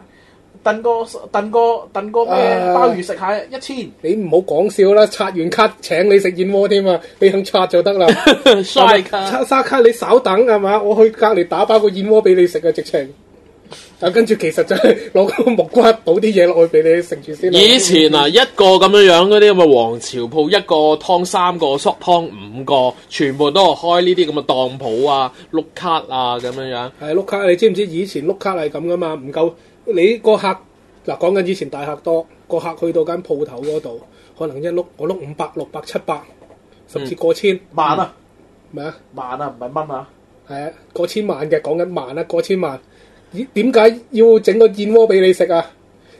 燉哥，燉哥，燉哥，咩鮑魚食下一千，uh, 1, 你唔好講笑啦！刷完卡請你食燕窩添啊！你肯刷就得啦。 卡刷卡，刷卡，你稍等係嘛？我去隔離打包個燕窩俾你食啊！直情啊，跟住其實就係攞個木瓜倒啲嘢落去俾你食住先。以前啊，嗯嗯、一個咁樣樣嗰啲咁嘅皇朝鋪，一個湯三個縮湯五個，全部都係開呢啲咁嘅當鋪啊，碌卡啊咁樣樣。係碌卡，你知唔知以前碌卡係咁噶嘛？唔夠。你個客嗱講緊以前大客多，個客去到間鋪頭嗰度，可能一碌我碌五百、六百、七百，甚至過千萬啊，咩、嗯、啊？萬啊唔係蚊啊，係啊，啊過千萬嘅講緊萬啊過千萬，點點解要整個燕窩俾你食啊？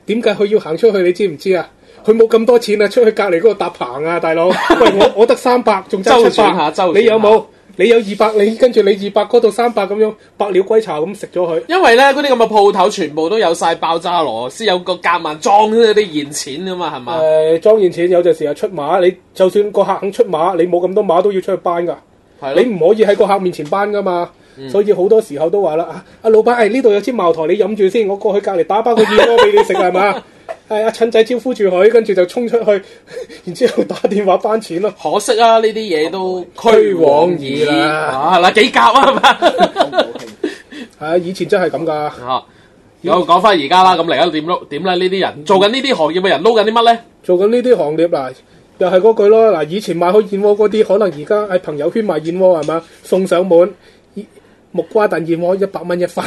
點解佢要行出去你知唔知啊？佢冇咁多錢啊，出去隔離嗰度搭棚啊，大佬！ 喂我我得三百，仲周轉下周你有冇？你有二百，你跟住你二百嗰度三百咁樣百鳥歸巢咁食咗佢，因為咧嗰啲咁嘅鋪頭全部都有晒爆炸螺，先有個夾萬裝咗啲現錢啊嘛，係嘛？誒、啊，裝現錢，有陣時候出馬，你就算個客肯出馬，你冇咁多馬都要出去搬噶，的你唔可以喺個客面前搬噶嘛， 所以好多時候都話啦啊，阿老闆，誒呢度有支茅台，你飲住先，我過去隔離打包個燕窩俾你食係嘛？ 係阿陳仔招呼住佢，跟住就衝出去，然之後打電話翻錢咯。可惜啊，呢啲嘢都虛妄矣啦。啊，嗱幾夾啊，係啊， 啊，以前真係咁噶。啊，前我講翻而家啦，咁嚟啊，點撈點咧？呢啲人做緊呢啲行業嘅人撈緊啲乜咧？做緊呢啲行業嗱，又係嗰句咯嗱。以前賣開燕窩嗰啲，可能而家喺朋友圈賣燕窩係嘛，送上門。木瓜燉燕窩一百蚊一份，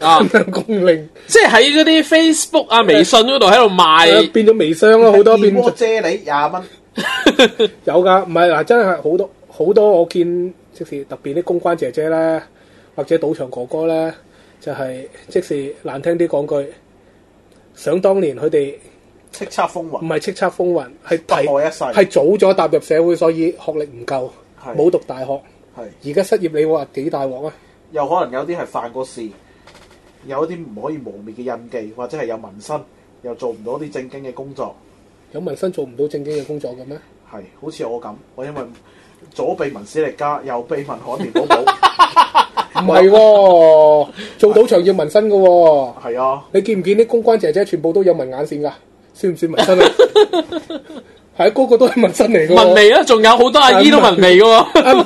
啊，公令，即係喺嗰啲 Facebook 啊、微信嗰度喺度賣，變咗微商咯，好多變咗，木瓜啫喱廿蚊，有噶，唔係嗱，真係好多好多，我見即是特別啲公關姐姐咧，或者賭場哥哥咧，就係即是難聽啲講句，想當年佢哋叱咤風雲，唔係叱咤風雲，係大我一世，係早咗踏入社會，所以學歷唔夠，冇讀大學，而家失業，你話幾大鑊啊？又可能有啲係犯過事，有啲唔可以磨滅嘅印記，或者係有紋身，又做唔到啲正經嘅工作。有紋身做唔到正經嘅工作嘅咩？係好似我咁，我因為左臂紋史力加，右臂紋海綿寶寶，唔係喎，做賭場要紋身嘅喎。係啊，你見唔見啲公關姐姐全部都有紋眼線㗎？算唔算紋身啊？ 係啊，個個都係紋身嚟嘅。紋眉啦，仲有好多阿姨都紋眉噶。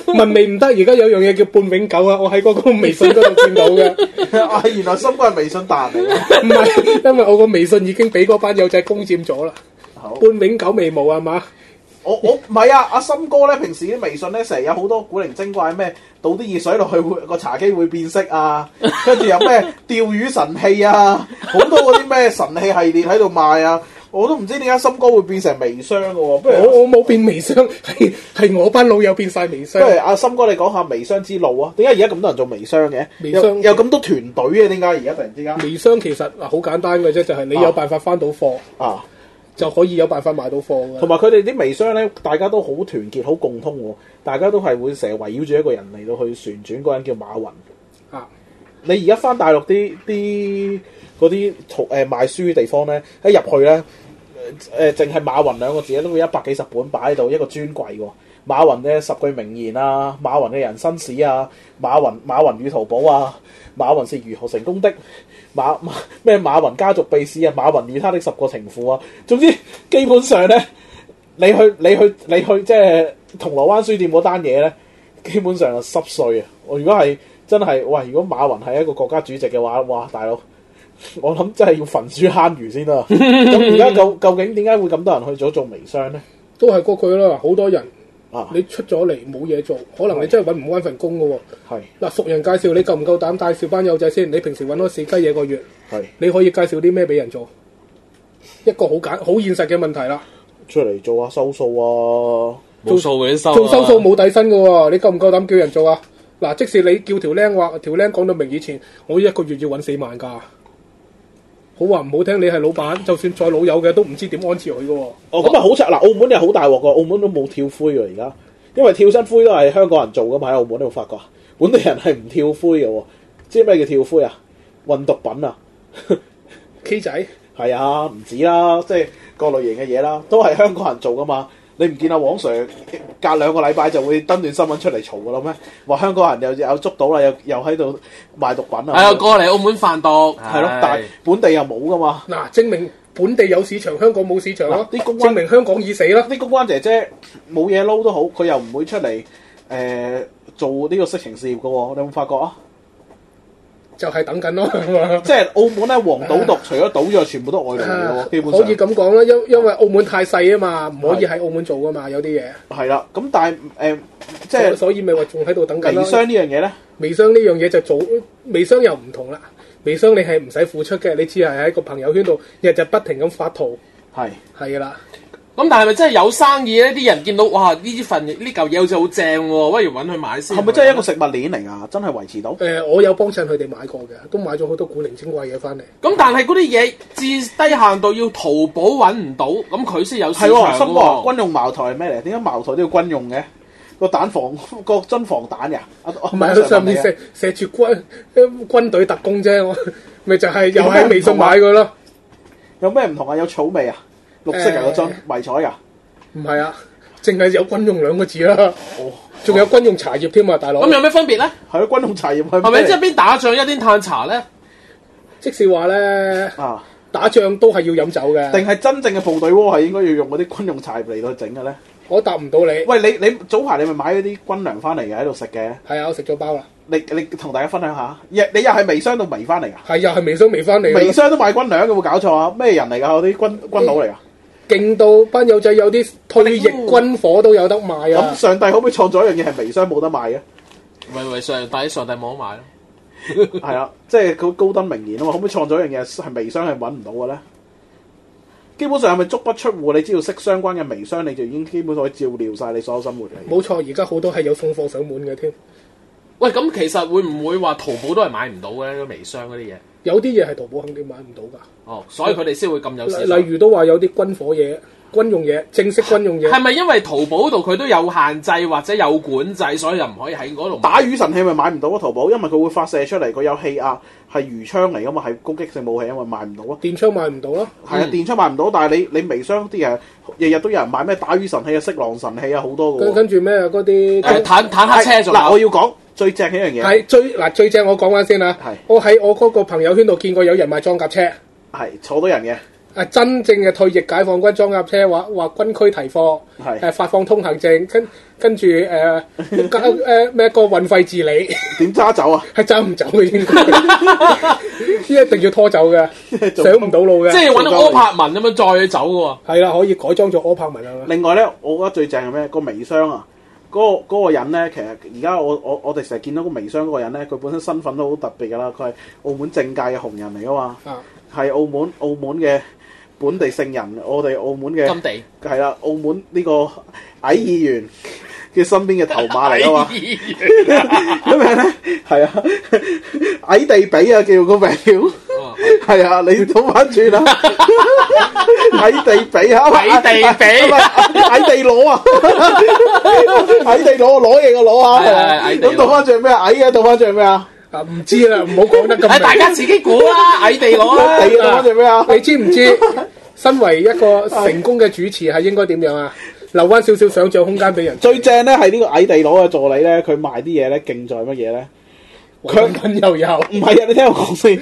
紋眉唔得，而家有樣嘢叫半永久啊！我喺嗰個微信嗰度見到嘅，啊， 原來森哥係微信達嚟嘅。唔 係，因為我個微信已經俾嗰班友仔攻占咗啦。好半永久眉毛係嘛？我我唔係啊，阿森哥咧，平時啲微信咧，成日有好多古靈精怪咩，倒啲熱水落去會個茶几會變色啊，跟住 有咩釣魚神器啊，好多嗰啲咩神器系列喺度賣啊。我都唔知點解森哥會變成微商嘅喎，不如我我冇變微商，係係、啊、我班老友變晒微商。不如阿森哥你講下微商之路啊？點解而家咁多人做微商嘅？微商，有咁多團隊啊，點解而家突然之間？微商其實嗱好簡單嘅啫，就係、是、你有辦法翻到貨啊，啊就可以有辦法買到貨。同埋佢哋啲微商咧，大家都好團結，好共通，大家都係會成日圍繞住一個人嚟到去旋轉個，嗰人叫馬雲。你而家翻大陸啲啲嗰啲淘誒賣書嘅地方咧，一入去咧誒，淨、呃、係馬雲兩個字咧都會一百幾十本擺喺度一個專櫃嘅喎。馬雲咧十句名言啊，馬雲嘅人生史啊，馬雲馬雲與淘寶啊，馬雲是如何成功的，馬咩馬，馬雲家族秘史啊，馬雲與他的十個情婦啊，總之基本上咧，你去你去你去即係、就是、銅鑼灣書店嗰單嘢咧，基本上濕碎啊！我如果係。真係，喂！如果馬雲係一個國家主席嘅話，哇，大佬，我諗真係要焚書坑儒先啦。咁而家究究竟點解會咁多人去咗做，做微商咧？都係過去啦，好多人。啊！你出咗嚟冇嘢做，可能你真係揾唔翻份工嘅喎、哦。嗱是、啊，熟人介紹你，你夠唔夠膽介紹班友仔先？你平時揾嗰死雞嘢個月。係是。你可以介紹啲咩俾人做？一個好簡好現實嘅問題啦。出嚟做下收數啊！做收、啊、還數冇底薪嘅喎，你夠唔夠膽叫人做啊？嗱、啊，即使你叫條僆話，條僆講到明以前，我一個月要揾四萬㗎。好話唔好聽，你係老闆，就算再老友嘅都唔知點安置佢嘅。哦，咁啊好柒嗱，澳門又好大鑊嘅，澳門都冇跳灰㗎而家，因為跳身灰都係香港人做㗎嘛。喺澳門都有冇發覺本地人係唔跳灰嘅，知咩叫跳灰啊？運毒品啊 ，K 仔係啊，唔止啦，即、就、係、是、各類型嘅嘢啦，都係香港人做㗎嘛。你唔見啊，黃 Sir 隔兩個禮拜就會登段新聞出嚟嘈嘅啦咩？話香港人又又捉到啦，又又喺度賣毒品啊！係啊，過嚟澳門販毒係咯，的的但係本地又冇嘅嘛。嗱、啊，證明本地有市場，香港冇市場咯。啲、啊、公關證明香港已死啦！啲公關姐姐冇嘢撈都好，佢又唔會出嚟誒、呃、做呢個色情事業嘅喎。你有冇發覺啊？就係等緊咯，即係澳門咧，黃賭毒除咗賭之外，全部都外流、啊、基本上可以咁講啦，因因為澳門太細啊嘛，唔可以喺澳門做噶嘛，的有啲嘢係啦，咁但係誒，即、呃、係、就是、所以咪話仲喺度等緊微商呢樣嘢咧？微商呢樣嘢就做，微商又唔同啦，微商你係唔使付出嘅，你只係喺個朋友圈度日日不停咁發圖，係係噶啦。咁但係咪真係有生意咧？啲人見到哇呢啲份呢嚿嘢好似好正喎，不如揾佢買先。係咪真係一個食物鏈嚟啊？真係維持到？誒、呃，我有幫襯佢哋買過嘅，都買咗好多古靈精怪嘢翻嚟。咁、嗯、但係嗰啲嘢至低限度要淘寶揾唔到，咁佢先有市場喎、哦哦。軍用茅台係咩嚟？點解茅台都要軍用嘅？個蛋防個真 防蛋啊？呀、啊？唔係佢上面射射住軍射軍,軍隊特工啫，咪 就係又喺微信買佢咯？有咩唔同,、啊、同啊？有草味啊？綠色啊個樽，迷彩、哎、啊？唔係啊，淨係有軍用兩個字啦。仲有軍用茶葉添啊，大佬。咁有咩分別咧？係 啊，軍用茶葉係咪？即係邊打仗一邊嘆茶咧？即是話咧，啊，打仗都係要飲酒嘅。定係真正嘅部隊喎係應該要用嗰啲軍用茶葉嚟到整嘅咧？我答唔到你。喂，你你，你早排你咪買咗啲軍糧翻嚟嘅喺度食嘅？係 啊，我食咗包啦。你你同大家分享下。你又係微商度迷翻嚟啊？係又係微商微翻嚟，啊？微商都買軍糧，有冇搞錯啊？咩人嚟噶？嗰啲軍軍佬嚟噶？啊啊啊啊啊啊勁到班友仔有啲退役軍火都有得賣啊！咁、嗯、上帝可唔可以創作一樣嘢係微商冇得賣啊？喂喂上帝，上帝冇得賣咯，係 啊！即係佢高登名言啊嘛，可唔可以創作一樣嘢係微商係揾唔到嘅咧？基本上係咪足不出戶？你只要識相關嘅微商，你就已經基本上可以照料晒你所有生活嘅。冇錯，而家好多係有送貨上門嘅添。喂，咁其實會唔會話淘寶都係買唔到嘅咧？微商嗰啲嘢，有啲嘢係淘寶肯定買唔到㗎。哦，所以佢哋先會咁有時。例如都話有啲軍火嘢、軍用嘢、正式軍用嘢。係咪因為淘寶度佢都有限制或者有管制，所以就唔可以喺嗰度買，打魚神器咪買唔到咯，啊。淘寶，因為佢會發射出嚟，佢有氣壓係魚槍嚟㗎嘛，係攻擊性武器啊嘛，買唔到啊。電槍買唔到啊。係啊、嗯，電槍買唔到，但係你你微商啲人日日都有人買咩打魚神器啊、色狼神器啊，好多㗎、啊。跟住咩啊？嗰啲、哎、坦坦克車嗱，我要講。最正一樣嘢係最嗱最正，我講翻先啊！是我喺我嗰個朋友圈度見過有人賣裝甲車，係坐多人嘅。啊，真正嘅退役解放軍裝甲車，話話軍區提貨，係是、啊、發放通行證，跟跟住誒交誒咩個運費自理。點揸走啊？係揸唔走嘅應該？呢一定要拖走嘅， 上唔到路嘅。即係揾到柯柏文咁樣再走嘅喎。係啦，可以改裝做柯柏文啊。另外咧，我覺得最正係咩？個微商啊！嗰、那個那個人咧，其實而家我我我哋成日見到個微商嗰個人咧，佢本身身份都好特別噶啦，佢係澳門政界嘅紅人嚟啊嘛，係、嗯、澳門澳門嘅本地聖人，我哋澳門嘅金地係啦，澳門呢地個矮議員嘅身邊嘅頭馬嚟、哎、 啊嘛，咁樣咧係啊矮地比啊叫個名。係啊，你要倒翻轉啊，矮地比啊，矮地比，矮地攞啊，矮地攞，攞嘢嘅攞啊，咁倒翻轉咩？矮啊，倒翻轉咩啊？唔知啦，唔好講得咁多。係大家自己估啦，矮地攞，倒翻轉咩啊？你知唔知 身為一個成功嘅主持係應該點樣啊？啊留翻少少想象空間俾人。最正咧係呢個矮地攞嘅助理咧，佢賣啲嘢咧，勁在乜嘢咧？講緊又有，唔係啊！你聽我講先，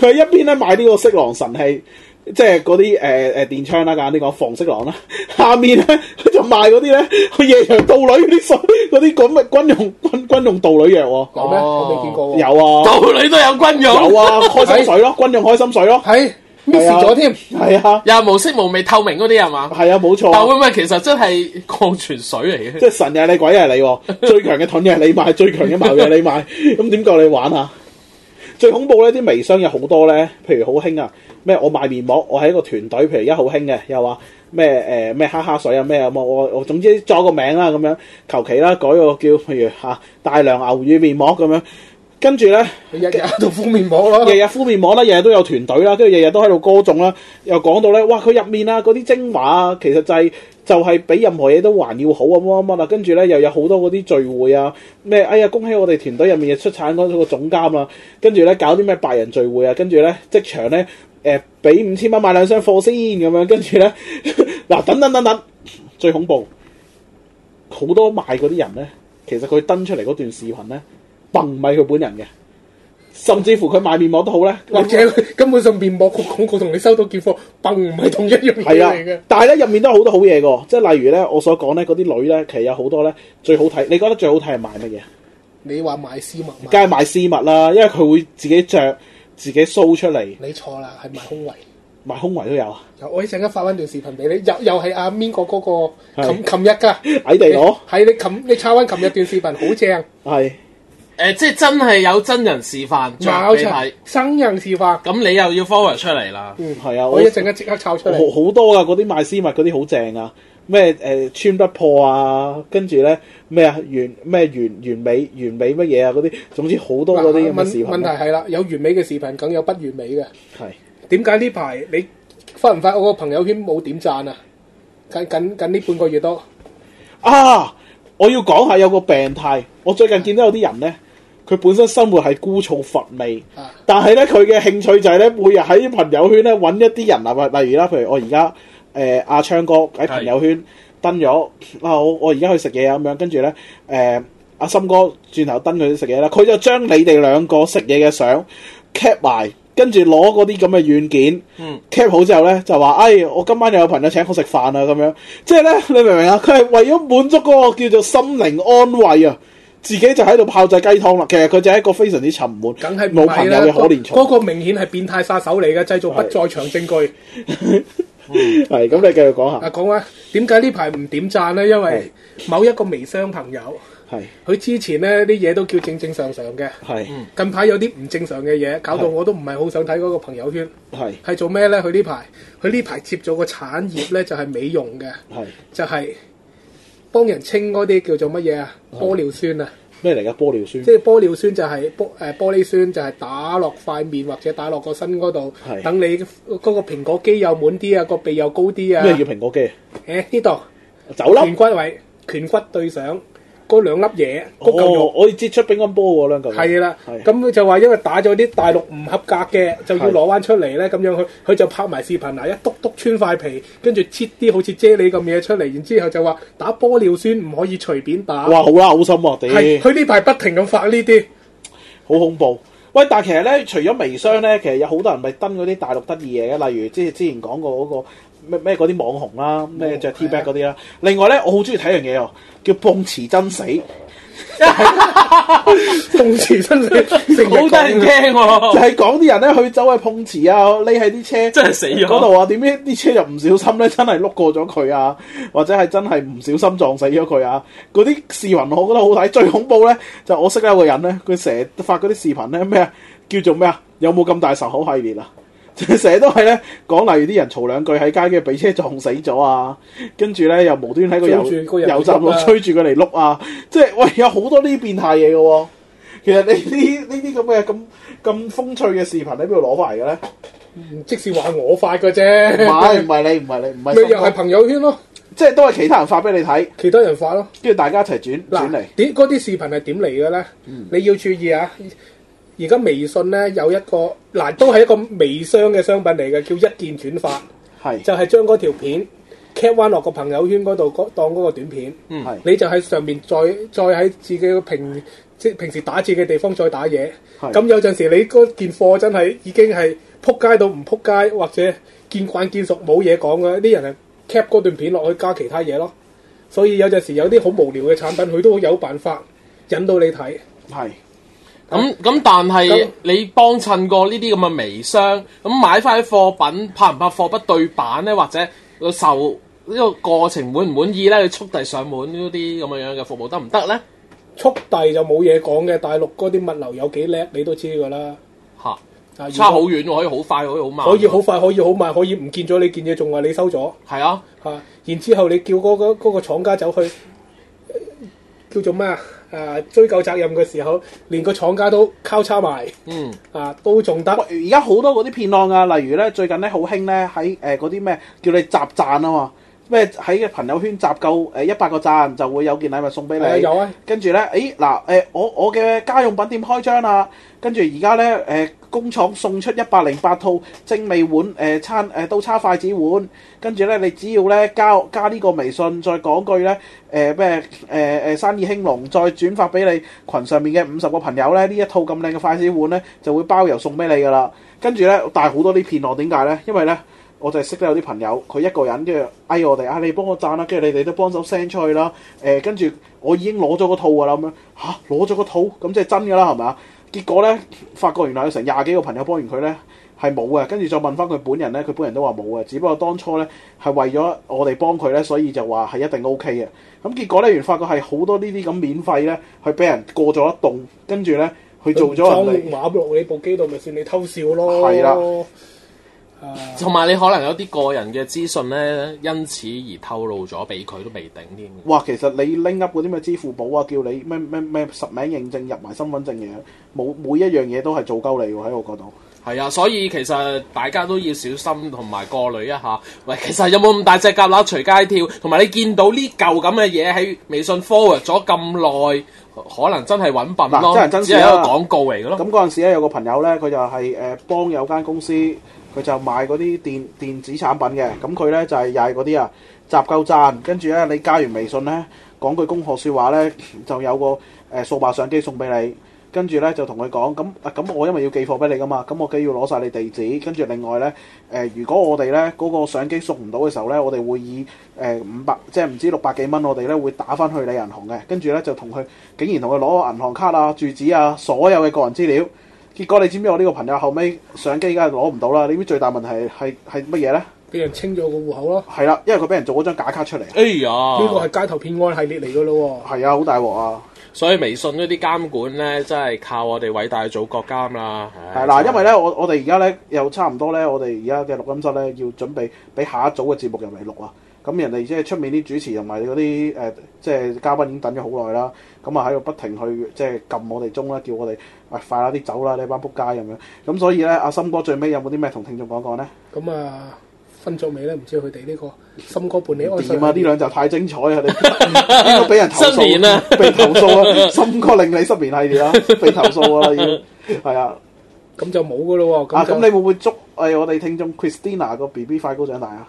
佢一邊咧買呢個色狼神器，即係嗰啲誒誒電槍啦、啊，咁、這、呢個防色狼啦、啊。下面咧佢就賣嗰啲咧，去夜場道女嗰啲水，嗰啲講乜軍用軍軍用道女藥喎？哦、有咩？我未見過、啊。有啊，道女都有軍用。有啊，開心水咯，是軍用開心水咯。係。係添係啊，又係、啊、無色無味透明嗰啲係嘛，係啊，冇錯。但會唔會其實真係礦泉水嚟嘅？即係神又係你，你，鬼又係你，最強嘅盾又係你賣，最強嘅矛又係你賣，咁點夠你玩啊？最恐怖咧，啲微商有好多咧，譬如好興啊，咩我賣面膜，我係一個團隊，譬如而家好興嘅，又話咩誒咩哈哈水啊咩，我我我總之作個名啦咁樣，求其啦改個叫，譬如吓、啊、大量牛乳面膜咁樣。跟住咧，日日喺度敷面膜咯，日日敷面膜啦，日日都有團隊啦，跟住日日都喺度歌頌啦，又講到咧，哇！佢入面啊，嗰啲精華啊，其實就係、就係、比任何嘢都還要好啊乜乜乜啊，跟住咧又有好多嗰啲聚會啊，咩哎呀，恭喜我哋團隊入面又出產嗰個總監啊。跟住咧搞啲咩百人聚會啊，跟住咧即場咧誒俾五千蚊買兩箱貨先咁樣，跟住咧嗱等等等等，最恐怖好多賣嗰啲人咧，其實佢登出嚟嗰段視頻咧。泵唔係佢本人嘅，甚至乎佢賣面膜都好咧。或者根本上面膜個廣告同你收到件貨泵唔係同一樣嘢嚟。但係咧入面都好多好嘢噶，即係例如咧我所講咧嗰啲女咧其實有好多咧最好睇。你覺得最好睇係買乜嘢？你話買絲襪，梗係買絲襪啦，因為佢會自己着自己 show 出嚟。你錯啦，係買胸圍，買胸圍都有。我一陣間發翻段視頻俾你，又又係阿 Mingo 嗰個琴琴日噶喺地攞係你琴你抄翻琴日段視頻好正係。誒、呃，即係真係有真人示範，冇錯，生人示範。咁你又要 forward 出嚟啦？嗯，係啊，我一陣間即刻抄出嚟。好多噶，嗰啲賣絲襪嗰啲好正啊，咩誒穿不破啊，跟住咧咩啊完咩完完美完美乜嘢啊嗰啲，總之好多嗰啲視頻。問題係啦，有完美嘅視頻，梗有不完美嘅。係。點解呢排你發唔發我個朋友圈冇點讚啊？緊緊緊呢半個月都。啊！我要講下有個病態，我最近見到有啲人咧。佢本身生活係枯燥乏味，但係咧佢嘅興趣就係咧每日喺啲朋友圈咧揾一啲人啊，例如啦，譬如我而家誒阿昌哥喺朋友圈登咗的啊，我而家去食嘢啊咁樣，跟住咧誒阿森哥轉頭登佢食嘢啦，佢就將你哋兩個食嘢嘅相 cap 埋，跟住攞嗰啲咁嘅軟件 cap 好之後咧就話誒、哎、我今晚又有朋友請我食飯啊咁樣，即係咧你明唔明啊？佢係為咗滿足嗰個叫做心靈安慰啊！自己就喺度炮製雞湯啦，其實佢就係一個非常之沉悶、梗係冇朋友嘅可憐嗰、嗰個明顯係變態殺手嚟嘅，製造不在場證據。係咁是， 嗯、你繼續講下。啊，講啦，點解呢排唔點讚咧？因為某一個微商朋友係，佢是之前咧啲嘢都叫正正常常嘅。係是，近排有啲唔正常嘅嘢，搞到我都唔係好想睇嗰個朋友圈。係是，係做咩咧？佢呢排佢呢排接咗個產業咧，就係美容嘅，就係是。是幫人清嗰啲叫做乜嘢啊？玻尿酸啊！咩嚟噶？玻尿酸即係玻尿酸就係、是、玻誒、呃、玻璃酸就係打落塊面或者打落個身嗰度，等的你嗰、嗰個蘋果肌又滿啲啊，個鼻又高啲啊！咩叫蘋果肌？誒呢度走咯！顴骨位，顴骨對上。嗰兩粒嘢，嗰嚿肉，我哋截出乒乓波喎兩嚿。係啦，咁佢了是就話因為打咗啲大陸唔合格嘅，就要攞翻出嚟咧，咁是樣佢佢就拍埋視頻嗱，一篤篤穿塊皮，跟住切啲好似啫喱咁嘢出嚟，然之後就話打玻尿酸唔可以隨便打。哇！好啦，好深啊，地。係佢呢排不停咁發呢啲，好恐怖。喂，但係其實咧，除咗微商咧，其實有好多人咪登嗰啲大陸得意嘢嘅，例如即係之前講過嗰個。咩咩嗰啲網紅啦，咩著 T-back 嗰啲啦。另外咧，我好中意睇樣嘢哦，叫碰瓷真死。碰瓷 真死，好多 怕、哦、人驚，就係講啲人咧去走去碰瓷啊，匿喺啲車，真係死咗嗰度啊。點知啲車又唔小心咧，真係碌過咗佢啊，或者係真係唔小心撞死咗佢啊。嗰啲視頻我覺得好睇，最恐怖咧就是、我識得有個人咧，佢成日發嗰啲視頻咧咩啊，叫做咩啊，有冇咁大仇口系列啊？成日 都係咧講，例如啲人嘈兩句喺街嘅，俾車撞死咗啊！跟住咧又無端喺個油油站度吹住佢嚟碌啊！ 即係喂，有好多呢啲變態嘢嘅喎。其實你呢呢啲咁嘅咁咁風趣嘅視頻喺邊度攞翻嚟嘅咧？即使話我發嘅啫，唔係唔係你唔係你唔係咪又係朋友圈咯？即係都係其他人發俾你睇，其他人發咯，跟住大家一齊轉看轉嚟來。點嗰啲視頻係點嚟嘅咧？嗯，你要注意啊！而家微信呢，有一個嗱，都係一個微商嘅商品嚟嘅，叫一鍵轉發，是就係將嗰條片 cap 返落個朋友圈嗰度，當嗰個短片，嗯、你就喺上面再再喺自己平即係平時打字嘅地方再打嘢。咁是有陣時你件貨真係已經係撲街到唔撲街，或者見慣見熟冇嘢講嘅啲人，係 cap 嗰段片落去加其他嘢咯。所以有陣時有啲好無聊嘅產品，佢都有辦法引到你睇。係。咁咁，但係你幫襯過呢啲咁嘅微商，咁買翻啲貨品，拍唔拍貨不對版咧？或者個售呢個過程滿唔滿意咧？佢速遞上門嗰啲咁嘅樣嘅服務得唔得咧？行行呢，速遞就冇嘢講嘅，大陸嗰啲物流有幾叻，你都知㗎啦。嚇哈！差好遠，可以好快可以好慢，慢，可以好快可以好慢，可以唔見咗你件嘢，仲話你收咗。係啊，係。然之後你叫嗰、嗰個嗰、嗰個、廠家走去，叫做咩啊？誒、uh，追究責任嘅時候，連個廠家都交叉埋，嗯、啊，都仲得。而家好多嗰啲騙案啊，例如咧最近咧好興咧喺誒嗰啲咩叫你集贊啊嘛。咩喺嘅朋友圈集夠誒一百個讚就會有件禮物送俾你。有、哎呃、啊！跟住咧，誒、呃、嗱，誒我我嘅家用品店開張啦。跟住而家咧，誒工廠送出一百零八套精美碗誒、呃、餐誒刀、呃、叉筷子碗。跟住咧，你只要咧加加呢個微信，再講句咧誒咩誒誒生意興隆，再轉發俾你群上面嘅五十個朋友咧，呢一套咁靚嘅筷子碗咧就會包郵送俾你噶啦。跟住咧，但好多啲騙案點解咧？因為咧。我就係識得有啲朋友，佢一個人跟住嗌我哋啊，你幫我讚啦，跟住你哋都幫手 send 出去啦。誒、呃，跟住我已經攞咗個套㗎啦，咁樣吓，攞咗個套，咁即係真㗎啦，係咪啊？結果咧，發覺原來有成廿幾個朋友幫完佢咧係冇嘅，跟住再問翻佢本人咧，佢本人都話冇嘅。只不過當初咧係為咗我哋幫佢咧，所以就話係一定 OK 嘅。咁、嗯、結果咧，原來發覺係好多呢啲咁免費咧，去俾人過咗一洞，跟住咧佢做咗人哋話我你部機度咪算你偷笑咯。係啦。同埋你可能有啲個人嘅資訊咧，因此而透露咗俾佢都未定添。哇！其實你 link up 嗰啲咩支付寶啊，叫你咩咩咩實名認證入埋身份證嘅，冇每，每一樣嘢都係做鳩你喎，喺我角度。係啊，所以其實大家都要小心同埋過濾一下。喂，其實有冇咁大隻蛤乸隨街跳？同埋你見到呢舊咁嘅嘢喺微信 forward 咗咁耐，可能真係揾笨咯，啊、真係一個廣告嚟嘅咯。咁嗰陣時咧，有個朋友咧，佢就係、是、誒、呃、幫有間公司。佢就賣嗰啲電電子產品嘅，咁佢咧就係又係嗰啲啊集夠讚，跟住咧你加完微信咧，講句恭賀説話咧，就有個誒、呃、數碼相機送俾你，跟住咧就同佢講，咁啊咁我因為要寄貨俾你噶嘛，咁我梗要攞晒你地址，跟住另外咧誒、呃，如果我哋咧嗰個相機送唔到嘅時候咧，我哋會以誒五百即係唔知六百幾蚊，我哋咧會打翻去你銀行嘅，跟住咧就同佢竟然同佢攞銀行卡啊、住址啊、所有嘅個人資料。結果你知唔知我呢個朋友後尾相機而家攞唔到啦？你知最大問題係係乜嘢咧？俾人清咗個戶口咯。係啦，因為佢俾人做咗張假卡出嚟。哎呀！呢個係街頭騙案系列嚟噶咯喎。係啊，好大鑊啊！所以微信嗰啲監管咧，真係靠我哋偉大嘅祖國監啦。係嗱，因為咧，我我哋而家咧又差唔多咧，我哋而家嘅錄音室咧要準備俾下一組嘅節目入嚟錄啊。咁人哋即係出面啲主持同埋嗰啲誒，即係嘉賓已經等咗好耐啦。咁啊喺度不停去即係撳我哋鐘啦，叫我哋喂、哎，快啲走啦，你班撲街咁樣。咁所以咧，阿森哥最尾有冇啲咩同聽眾講講咧？咁啊、嗯嗯，瞓咗未咧？唔知佢哋呢個森哥伴你安。失眠啊！呢兩集太精彩啊！你！呢個俾人投訴啦，眠 被投訴啦。森哥令你失眠係點啊？被投訴已經啊！要係啊，咁就冇噶咯喎。嗯、啊！咁你會唔會祝誒、欸、我哋聽眾 Christina 個 BB 快高長大啊？